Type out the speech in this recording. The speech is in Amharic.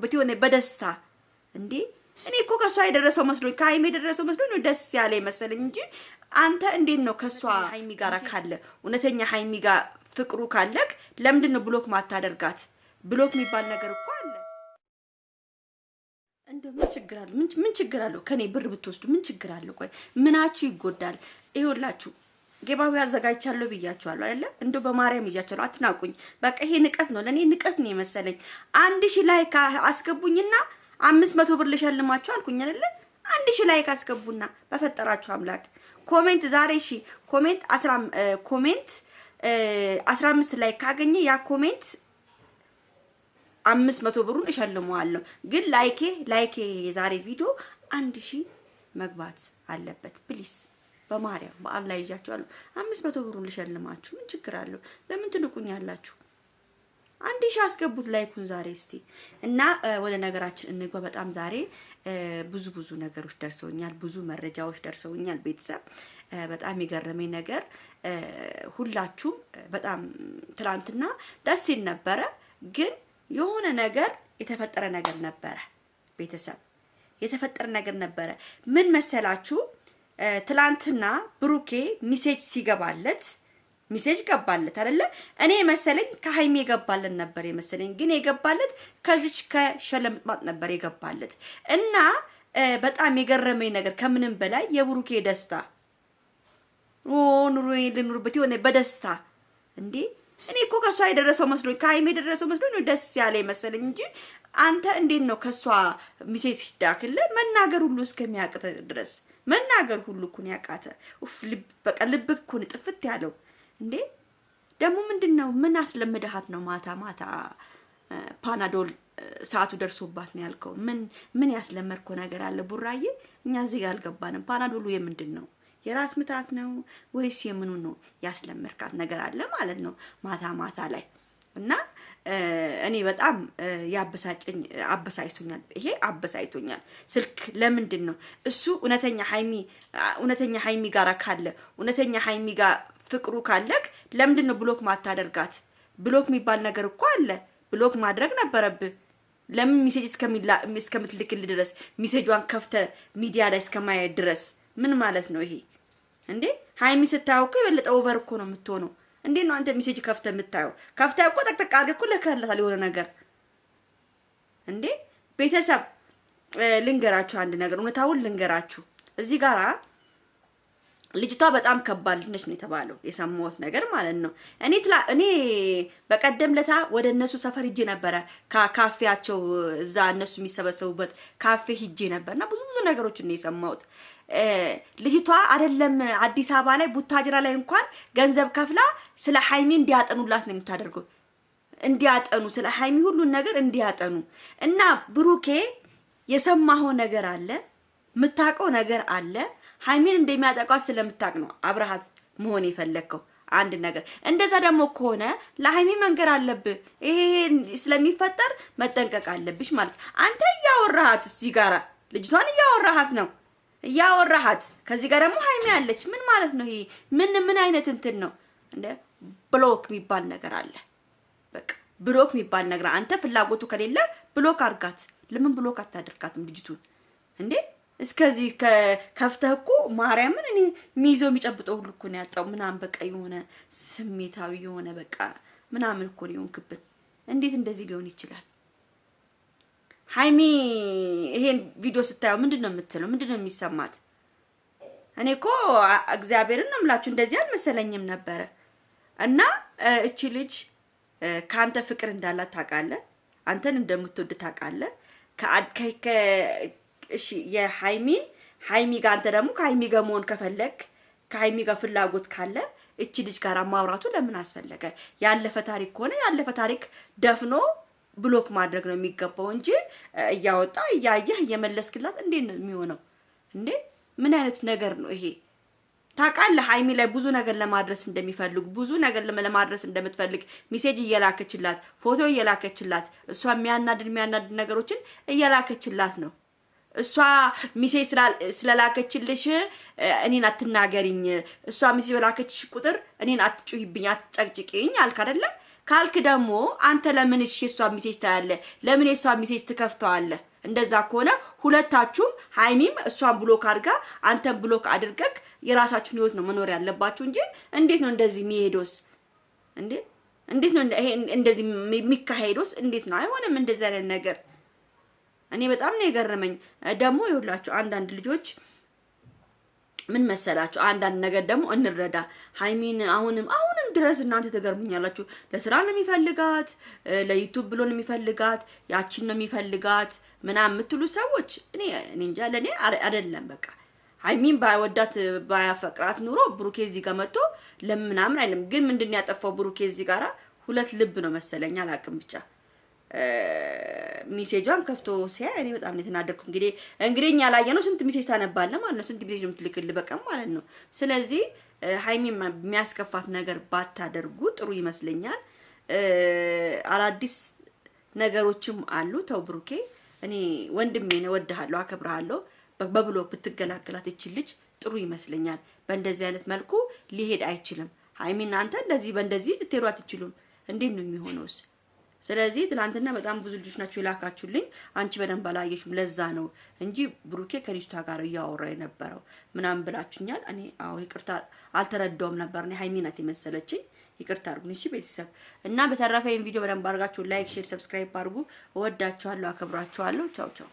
ሲያከብሩበት የሆነ በደስታ እንዴ እኔ እኮ ከእሷ የደረሰው መስሎኝ ከሀይሜ የደረሰው መስሎኝ ደስ ያለ መሰለኝ እንጂ አንተ እንዴት ነው ከእሷ ሀይሚ ጋር ካለ እውነተኛ ሀይሚ ጋር ፍቅሩ ካለክ ለምንድን ነው ብሎክ ማታደርጋት? ብሎክ የሚባል ነገር እኮ አለ። እንደው ምን ችግር አለው? ምን ችግር አለው? ከኔ ብር ብትወስዱ ምን ችግር አለው? ቆይ ምናችሁ ይጎዳል? ይኸውላችሁ ጌባዊ አዘጋጅቻለሁ ብያቸዋለሁ አይደለ? እንደው በማርያም ይዣቸዋለሁ። አትናቁኝ። በቃ ይሄ ንቀት ነው፣ ለእኔ ንቀት ነው የመሰለኝ። አንድ ሺ ላይክ አስገቡኝና አምስት መቶ ብር ልሸልማቸው አልኩኝ አይደለ? አንድ ሺ ላይክ አስገቡና በፈጠራችሁ አምላክ ኮሜንት ዛሬ ሺ ኮሜንት አስራ ኮሜንት አስራ አምስት ላይ ካገኘ ያ ኮሜንት አምስት መቶ ብሩን እሸልመዋለሁ። ግን ላይኬ ላይኬ የዛሬ ቪዲዮ አንድ ሺ መግባት አለበት ፕሊስ። በማርያም በዓል ላይ ይዣችኋለሁ። አምስት መቶ ብሩን ልሸልማችሁ። ምን ችግር አለው? ለምን ትንቁኝ አንድ ሺህ አስገቡት። ላይኩን ዛሬ እስቲ እና ወደ ነገራችን እንግባ። በጣም ዛሬ ብዙ ብዙ ነገሮች ደርሰውኛል፣ ብዙ መረጃዎች ደርሰውኛል። ቤተሰብ በጣም የገረመኝ ነገር ሁላችሁም በጣም ትላንትና ደስ ይል ነበረ፣ ግን የሆነ ነገር የተፈጠረ ነገር ነበረ። ቤተሰብ የተፈጠረ ነገር ነበረ። ምን መሰላችሁ? ትላንትና ብሩኬ ሚሴጅ ሲገባለት ሚሴጅ ገባለት አይደለ? እኔ መሰለኝ ከሀይሜ የገባለት ነበር የመሰለኝ፣ ግን የገባለት ከዚች ከሸለምጥማጥ ነበር የገባለት። እና በጣም የገረመኝ ነገር ከምንም በላይ የብሩኬ ደስታ ኦ ኑሮ ልኑርበት የሆነ በደስታ እንዴ እኔ እኮ ከእሷ የደረሰው መስሎኝ ከሀይሜ የደረሰው መስሎኝ ነው ደስ ያለ መሰለኝ እንጂ አንተ እንዴት ነው ከእሷ ሚሴ ሲዳክልህ መናገር ሁሉ እስከሚያቅተ ድረስ መናገር ሁሉ እኮ ነው ያቃተ። ኡፍ ልብ በቃ ልብ እኮ ነው ጥፍት ያለው እንዴ። ደግሞ ምንድን ነው ምን አስለምደሃት ነው ማታ ማታ ፓናዶል ሰዓቱ ደርሶባት ነው ያልከው? ምን ምን ያስለመድከው ነገር አለ ቡራዬ? እኛ እዚህ ጋር አልገባንም። ፓናዶሉ የምንድን ነው? የራስ ምታት ነው ወይስ የምኑ ነው ያስለመድካት ነገር አለ ማለት ነው ማታ ማታ ላይ እና እኔ በጣም ያበሳጨኝ አበሳጭቶኛል። ይሄ አበሳጭቶኛል። ስልክ ለምንድን ነው እሱ እውነተኛ ሀይሚ እውነተኛ ሀይሚ ጋር ካለ እውነተኛ ሀይሚ ጋር ፍቅሩ ካለክ ለምንድን ነው ብሎክ ማታደርጋት? ብሎክ የሚባል ነገር እኮ አለ። ብሎክ ማድረግ ነበረብህ። ለምን ሚሴጅ እስከምትልክል ድረስ ሚሴጇን ከፍተ ሚዲያ ላይ እስከማየት ድረስ ምን ማለት ነው ይሄ? እንዴ ሀይሚ ስታየው እኮ የበለጠ ኦቨር እኮ ነው የምትሆነው። እንዴት ነው አንተ ሜሴጅ ከፍተ የምታየው? ከፍተህ እኮ ጠቅጠቅ አድርገህ እኮ ልከህላታል የሆነ ነገር። እንዴ ቤተሰብ ልንገራችሁ አንድ ነገር፣ እውነታውን ልንገራችሁ እዚህ ጋራ ልጅቷ በጣም ከባድ ልጅ ነች ነው የተባለው፣ የሰማሁት ነገር ማለት ነው። እኔ ትላ እኔ በቀደም ለታ ወደ እነሱ ሰፈር ሂጄ ነበረ፣ ካፌያቸው እዛ እነሱ የሚሰበሰቡበት ካፌ ሂጄ ነበር እና ብዙ ብዙ ነገሮች ነው የሰማሁት። ልጅቷ አይደለም አዲስ አበባ ላይ ቡታጅራ ላይ እንኳን ገንዘብ ከፍላ ስለ ሀይሚ እንዲያጠኑላት ነው የምታደርገው፣ እንዲያጠኑ ስለ ሀይሚ ሁሉን ነገር እንዲያጠኑ እና ብሩኬ የሰማኸው ነገር አለ፣ የምታውቀው ነገር አለ ሀይሚን እንደሚያጠቋት ስለምታውቅ ነው አብረሃት መሆን የፈለግከው አንድ ነገር። እንደዛ ደግሞ ከሆነ ለሀይሚ መንገር አለብህ። ይሄ ስለሚፈጠር መጠንቀቅ አለብሽ ማለት አንተ እያወራሃት እዚህ ጋር ልጅቷን እያወራሃት ነው እያወራሃት ከዚህ ጋር ደግሞ ሀይሚ አለች። ምን ማለት ነው ይሄ? ምን ምን አይነት እንትን ነው? እንደ ብሎክ የሚባል ነገር አለ። በቃ ብሎክ የሚባል ነገር አንተ ፍላጎቱ ከሌለ ብሎክ አርጋት። ለምን ብሎክ አታደርጋትም ልጅቱን እንዴ? እስከዚህ ከፍተህ እኮ ማርያምን እኔ የሚይዘው የሚጨብጠው ሁሉ እኮ ነው ያጣው ምናምን በቃ የሆነ ስሜታዊ የሆነ በቃ ምናምን እኮ ነው የሆንክብን። እንዴት እንደዚህ ሊሆን ይችላል? ሀይሚ ይሄን ቪዲዮ ስታየው ምንድን ነው የምትለው? ምንድን ነው የሚሰማት? እኔ እኮ እግዚአብሔርን ነው የምላችሁ እንደዚህ አልመሰለኝም ነበረ። እና እቺ ልጅ ከአንተ ፍቅር እንዳላት ታውቃለህ፣ አንተን እንደምትወድ ታውቃለህ። እሺ የሃይሚን ሃይሚ ጋር አንተ ደግሞ ከሃይሚ ጋር መሆን ከፈለግ ከሃይሚ ጋር ፍላጎት ካለ እቺ ልጅ ጋር ማውራቱ ለምን አስፈለገ? ያለፈ ታሪክ ከሆነ ያለፈ ታሪክ ደፍኖ ብሎክ ማድረግ ነው የሚገባው እንጂ እያወጣ እያየህ እየመለስክላት እንዴት ነው የሚሆነው? እንዴ ምን አይነት ነገር ነው ይሄ? ታውቃለህ ሃይሚ ላይ ብዙ ነገር ለማድረስ እንደሚፈልጉ ብዙ ነገር ለማድረስ እንደምትፈልግ ሚሴጅ እየላከችላት ፎቶ እየላከችላት እሷ የሚያናድድ የሚያናድድ ነገሮችን እየላከችላት ነው። እሷ ሚሴ ስለላከችልሽ እኔን አትናገሪኝ፣ እሷ ሚሴ በላከችሽ ቁጥር እኔን አትጩሂብኝ፣ አትጨቅጭቅኝ አልክ አደለ? ካልክ ደግሞ አንተ ለምን እሺ የእሷ ሚሴጅ ታያለህ? ለምን የእሷ ሚሴጅ ትከፍተዋለህ? እንደዛ ከሆነ ሁለታችሁም ሀይሚም እሷን ብሎክ አድርጋ አንተን ብሎክ አድርገክ የራሳችሁን ህይወት ነው መኖር ያለባችሁ እንጂ እንዴት ነው እንደዚህ የሚሄዶስ? እንዴት ነው እንደዚህ የሚካሄዶስ? እንዴት ነው አይሆንም እንደዚህ አይነት ነገር እኔ በጣም ነው የገረመኝ። ደግሞ ይኸውላችሁ አንዳንድ ልጆች ምን መሰላችሁ፣ አንዳንድ ነገር ደግሞ እንረዳ ሀይሚን አሁንም አሁንም ድረስ እናንተ ትገርሙኛላችሁ። ለስራ ነው የሚፈልጋት፣ ለዩቱብ ብሎ ነው የሚፈልጋት፣ ያቺን ነው የሚፈልጋት ምናምን የምትሉ ሰዎች እኔ እንጃ፣ ለእኔ አይደለም በቃ ሀይሚን ባይወዳት ባያፈቅራት ኑሮ ብሩኬ እዚህ ጋር መጥቶ ለምናምን አይልም። ግን ምንድን ያጠፋው ብሩኬ እዚህ ጋራ ሁለት ልብ ነው መሰለኛ አላቅም ብቻ ሚሴጇን ከፍቶ ሲያ እኔ በጣም ነው የተናደድኩት። እንግዲህ እንግዲህ እኛ ላየ ነው ስንት ሚሴጅ ታነባለ ማለት ነው፣ ስንት ሚሴጅ ነው የምትልክል በቀን ማለት ነው። ስለዚህ ሀይሚ የሚያስከፋት ነገር ባታደርጉ ጥሩ ይመስለኛል። አዳዲስ ነገሮችም አሉ። ተው ብሩኬ፣ እኔ ወንድሜ ነው፣ እወድሃለሁ፣ አከብርሃለሁ። በብሎ ብትገላገላት ይችል ልጅ ጥሩ ይመስለኛል። በእንደዚህ አይነት መልኩ ሊሄድ አይችልም። ሀይሚ እናንተ እንደዚህ በእንደዚህ ልትሄዱ አትችሉም። እንዴት ነው የሚሆነውስ? ስለዚህ ትላንትና በጣም ብዙ ልጆች ናቸው የላካችሁልኝ። አንቺ በደንብ አላየሽም፣ ለዛ ነው እንጂ ብሩኬ ከልጅቷ ጋር እያወራ የነበረው ምናምን ብላችሁኛል። እኔ አዎ ይቅርታ አልተረዳውም ነበር። እኔ ሀይሚ ናት የመሰለችኝ። ይቅርታ አድርጉኝ። እሺ ቤተሰብ እና በተረፈ ይህን ቪዲዮ በደንብ አድርጋችሁ ላይክ፣ ሼር፣ ሰብስክራይብ አድርጉ። እወዳችኋለሁ፣ አከብራችኋለሁ። ቻው ቻው